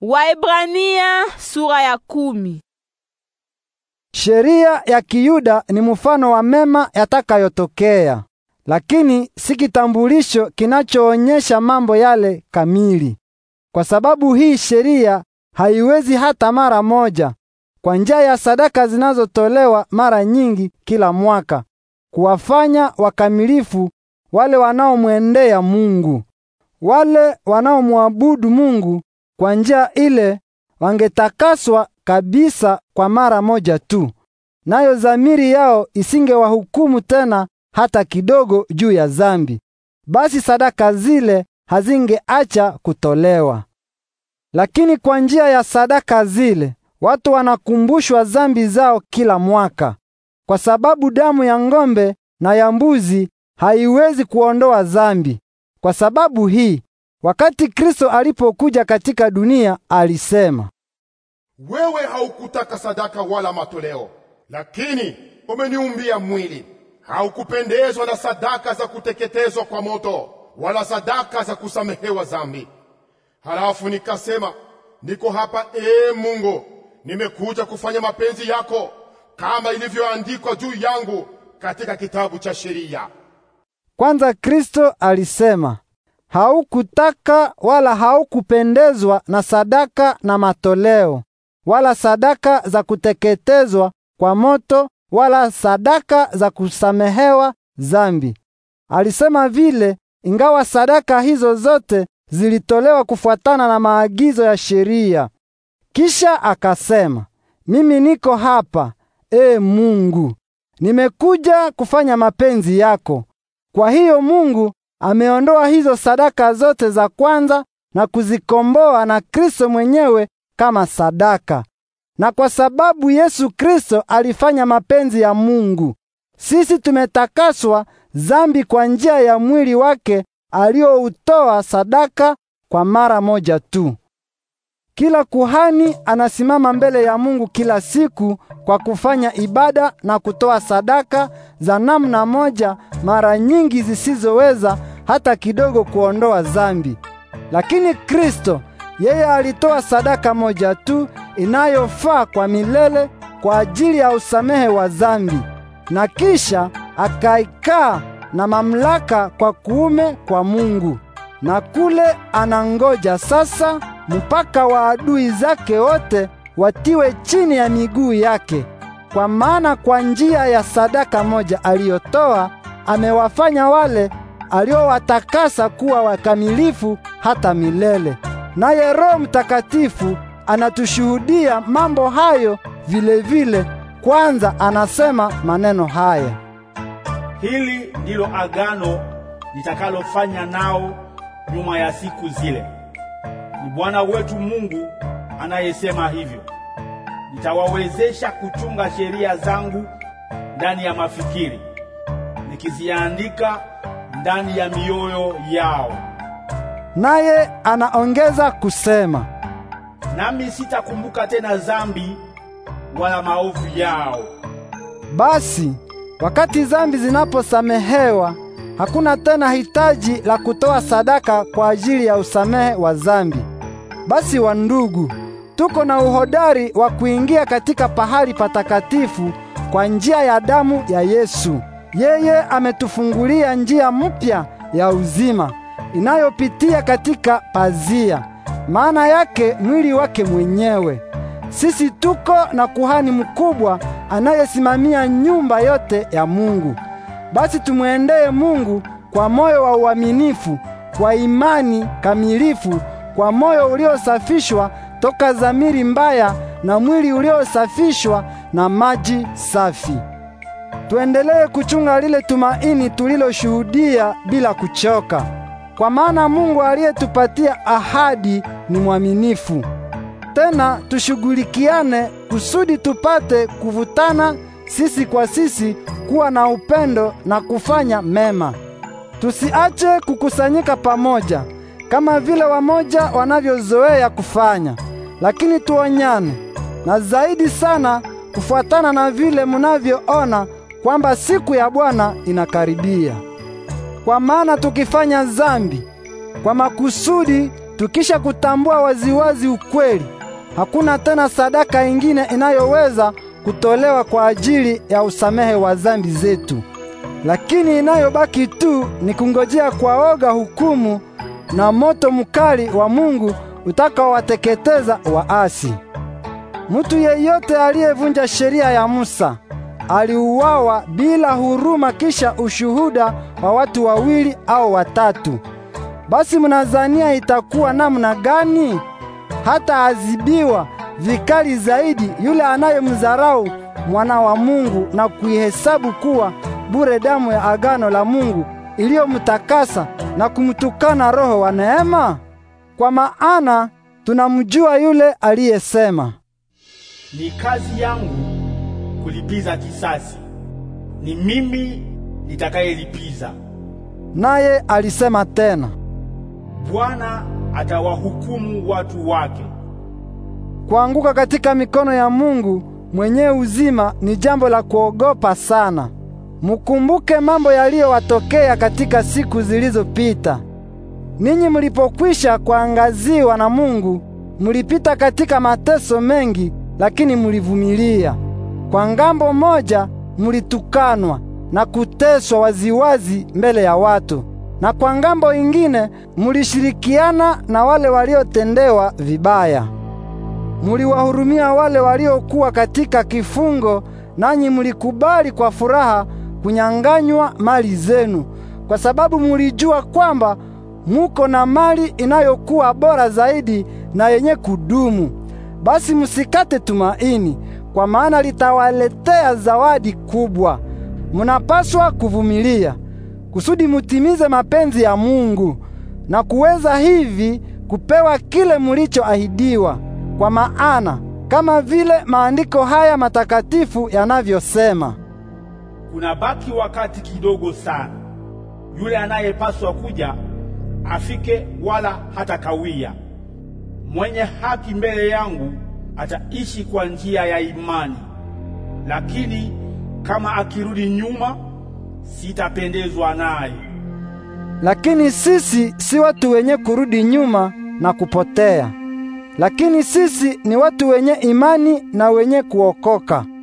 Waebrania sura ya kumi. Sheria ya Kiyuda ni mfano wa mema yatakayotokea, lakini si kitambulisho kinachoonyesha mambo yale kamili. Kwa sababu hii sheria haiwezi hata mara moja kwa njia ya sadaka zinazotolewa mara nyingi kila mwaka kuwafanya wakamilifu wale wanaomwendea Mungu. Wale wanaomwabudu Mungu kwa njia ile wangetakaswa kabisa kwa mara moja tu, nayo dhamiri yao isingewahukumu tena hata kidogo juu ya dhambi. Basi sadaka zile hazingeacha kutolewa. Lakini kwa njia ya sadaka zile watu wanakumbushwa dhambi zao kila mwaka, kwa sababu damu ya ng'ombe na ya mbuzi haiwezi kuondoa dhambi. Kwa sababu hii Wakati Kristo alipokuja katika dunia alisema, wewe haukutaka sadaka wala matoleo, lakini umeniumbia mwili. Haukupendezwa na sadaka za kuteketezwa kwa moto wala sadaka za kusamehewa zambi. Halafu nikasema, niko hapa ee Mungu, nimekuja kufanya mapenzi yako kama ilivyoandikwa juu yangu katika kitabu cha sheria. Kwanza Kristo alisema, haukutaka wala haukupendezwa na sadaka na matoleo wala sadaka za kuteketezwa kwa moto wala sadaka za kusamehewa zambi. Alisema vile ingawa sadaka hizo zote zilitolewa kufuatana na maagizo ya sheria. Kisha akasema, mimi niko hapa, e Mungu, nimekuja kufanya mapenzi yako. Kwa hiyo Mungu ameondoa hizo sadaka zote za kwanza na kuzikomboa na Kristo mwenyewe kama sadaka. Na kwa sababu Yesu Kristo alifanya mapenzi ya Mungu, sisi tumetakaswa dhambi kwa njia ya mwili wake aliyoutoa sadaka kwa mara moja tu. Kila kuhani anasimama mbele ya Mungu kila siku kwa kufanya ibada na kutoa sadaka za namna moja mara nyingi zisizoweza hata kidogo kuondoa zambi. Lakini Kristo yeye alitoa sadaka moja tu inayofaa kwa milele kwa ajili ya usamehe wa zambi, na kisha akaikaa na mamlaka kwa kuume kwa Mungu, na kule anangoja sasa mpaka wa adui zake wote watiwe chini ya miguu yake, kwa maana kwa njia ya sadaka moja aliyotoa amewafanya wale aliowatakasa kuwa wakamilifu hata milele. Naye Roho Mtakatifu anatushuhudia mambo hayo vilevile vile. Kwanza anasema maneno haya: hili ndilo agano nitakalofanya nao nyuma ya siku zile ni Bwana wetu Mungu anayesema hivyo. Nitawawezesha kuchunga sheria zangu ndani ya mafikiri, nikiziandika ndani ya mioyo yao. Naye anaongeza kusema, nami sitakumbuka tena zambi wala maovu yao. Basi wakati zambi zinaposamehewa, hakuna tena hitaji la kutoa sadaka kwa ajili ya usamehe wa zambi. Basi wandugu, tuko na uhodari wa kuingia katika pahali patakatifu kwa njia ya damu ya Yesu. Yeye ametufungulia njia mpya ya uzima inayopitia katika pazia, maana yake mwili wake mwenyewe. Sisi tuko na kuhani mkubwa anayesimamia nyumba yote ya Mungu. Basi tumwendee Mungu kwa moyo wa uaminifu, kwa imani kamilifu kwa moyo uliosafishwa toka dhamiri mbaya na mwili uliosafishwa na maji safi. Tuendelee kuchunga lile tumaini tuliloshuhudia bila kuchoka, kwa maana Mungu aliyetupatia ahadi ni mwaminifu. Tena tushughulikiane kusudi tupate kuvutana sisi kwa sisi, kuwa na upendo na kufanya mema. Tusiache kukusanyika pamoja kama vile wamoja wanavyozoea kufanya, lakini tuonyane na zaidi sana kufuatana na vile munavyoona kwamba siku ya Bwana inakaribia. Kwa maana tukifanya zambi kwa makusudi, tukisha kutambua waziwazi ukweli, hakuna tena sadaka ingine inayoweza kutolewa kwa ajili ya usamehe wa zambi zetu, lakini inayobaki tu ni kungojea kwa oga hukumu na moto mkali wa Mungu utakaowateketeza waasi. Mtu yeyote aliyevunja sheria ya Musa aliuawa bila huruma kisha ushuhuda wa watu wawili au watatu. Basi mnazania itakuwa namna gani? Hata azibiwa vikali zaidi yule anayemdharau mwana wa Mungu na kuihesabu kuwa bure damu ya agano la Mungu iliyomtakasa na kumtukana Roho wa neema? Kwa maana tunamjua yule aliyesema, ni kazi yangu kulipiza kisasi, ni mimi nitakayelipiza. Naye alisema tena, Bwana atawahukumu watu wake. Kuanguka katika mikono ya Mungu mwenye uzima ni jambo la kuogopa sana. Mukumbuke mambo yaliyowatokea katika siku zilizopita. Ninyi mulipokwisha kuangaziwa na Mungu, mulipita katika mateso mengi, lakini mulivumilia. Kwa ngambo moja mulitukanwa na kuteswa waziwazi mbele ya watu, na kwa ngambo ingine mulishirikiana na wale waliotendewa vibaya. Muliwahurumia wale waliokuwa katika kifungo, nanyi mulikubali kwa furaha kunyang'anywa mali zenu, kwa sababu mulijua kwamba muko na mali inayokuwa bora zaidi na yenye kudumu. Basi musikate tumaini, kwa maana litawaletea zawadi kubwa. Munapaswa kuvumilia kusudi mutimize mapenzi ya Mungu na kuweza hivi kupewa kile mulichoahidiwa. Kwa maana kama vile maandiko haya matakatifu yanavyosema kunabaki wakati kidogo sana. Yule anayepaswa kuja afike, wala hata kawia. Mwenye haki mbele yangu ataishi kwa njia ya imani, lakini kama akirudi nyuma, sitapendezwa naye. Lakini sisi si watu wenye kurudi nyuma na kupotea, lakini sisi ni watu wenye imani na wenye kuokoka.